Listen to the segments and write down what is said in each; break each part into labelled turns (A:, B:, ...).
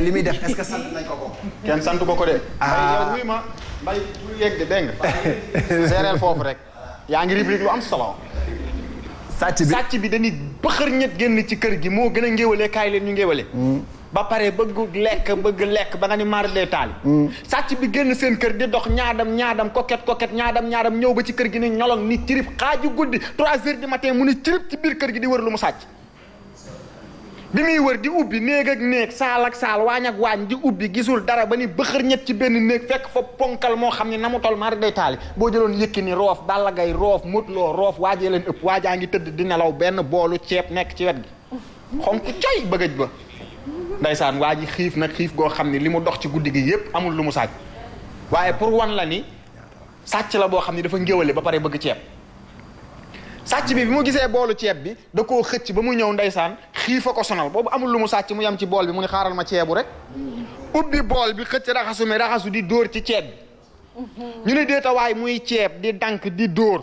A: li muy def est sant nañ ko ko. kenn sant ko ko de. ah mbay ma mbay bu yegg de foofu rek. yaa ngi rubrique lu am solo. sàcc bi sàcc bi dañuy bëxër ñett génn ci kër gi moo gën a ngéwalee kaay leen ñu ngéwalee. Hmm. ba pare bëgg lekk bëgg lekk ba nga ni maar dee taal. Hmm. sàcc bi génn seen kër di dox ñaadam ñaadam koket koket ñaadam ñaadam ñëw ba ci kër gi ni ñolong ni cirib xaaju guddi trois heures du matin mu ni cirib ci biir kër gi di wër lu mu sàcc. bi muy wër di ubbi néeg ak néeg saal ak saal waañ ak waañ di ubbi gisul dara ba ni bëxër ñett ci benn néeg fekk fa ponkal moo xam ne na mu tol maa day taali boo jëloon yëkki ni roof Balla Gaye roof Modou Lo roof waajee leen ëpp waajaa ngi tëdd di nelaw benn boolu ceeb nekk ci wet gi xonk coy bëggëj ba ndaysaan waa ji xiif nag xiif goo xam ne li mu dox ci guddi gi yépp amul lu mu sàcc waaye pour wan la ni sàcc la boo xam ne dafa ngéwale ba pare bëgg ceeb sàcc bi bi mu gisee boolu ceeb bi da koo xëcc ba mu ñëw ndaysaan xiif a ko sonal boobu amul lu mu sàcc mu yam ci bool bi mu ne xaaral ma ceebu rek ubbi bool bi xëcc raxasu mi raxasu di dóor ci ceeb bi mhm. ñu ne déeta waay muy ceeb di dànk di dóor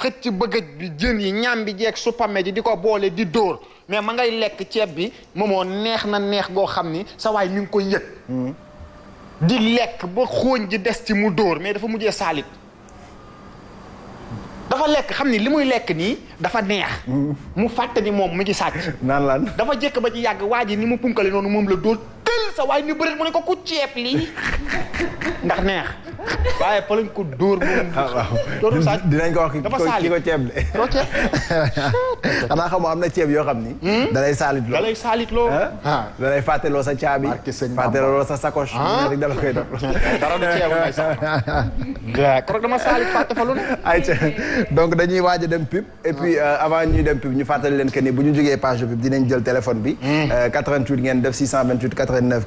A: xëcc bëggëj bi jën yi ñam bi jeeg suppame ji di ko boole di dóor mais ma ngay lekk ceeb bi moomoo neex na neex goo xam ni sa waay mi ngi ko yëg mhm. di lekk ba xooñ di des ci mu dóor mais dafa mujjee saalit dafa lekk xam ni li muy lekk nii dafa neex. Mm. mu fàtte ni moom mu ci sàcc. naan lan dafa jëkk ba ci yàgg waa ji ni mu punkale noonu moom la doot tël sa waaye ni bëreet mu ne ko ku ceeb lii ndax neex. waaye fa lañ ko dóor
B: moom. dootul saaj dinañ ko wax ki ko ceeb de. doo ceeb xanaa xam na ceeb yoo xam ni. Hmm? da saalit loo da lay loo. ah da lay fàtteloo sa caabi. fàtteloo sa sacoche. ah da la koy def. dara du ceeb may sax. d'accord dama saalit fàtte fa lu ne. ayca donc dañuy waaj a dem pub. et puis ah. euh, avant ñuy dem pub ñu fàttali leen que bu ñu jógee page de pub dinañ jël téléphone bi. 88 hmm. euh, ngeen def 628 89.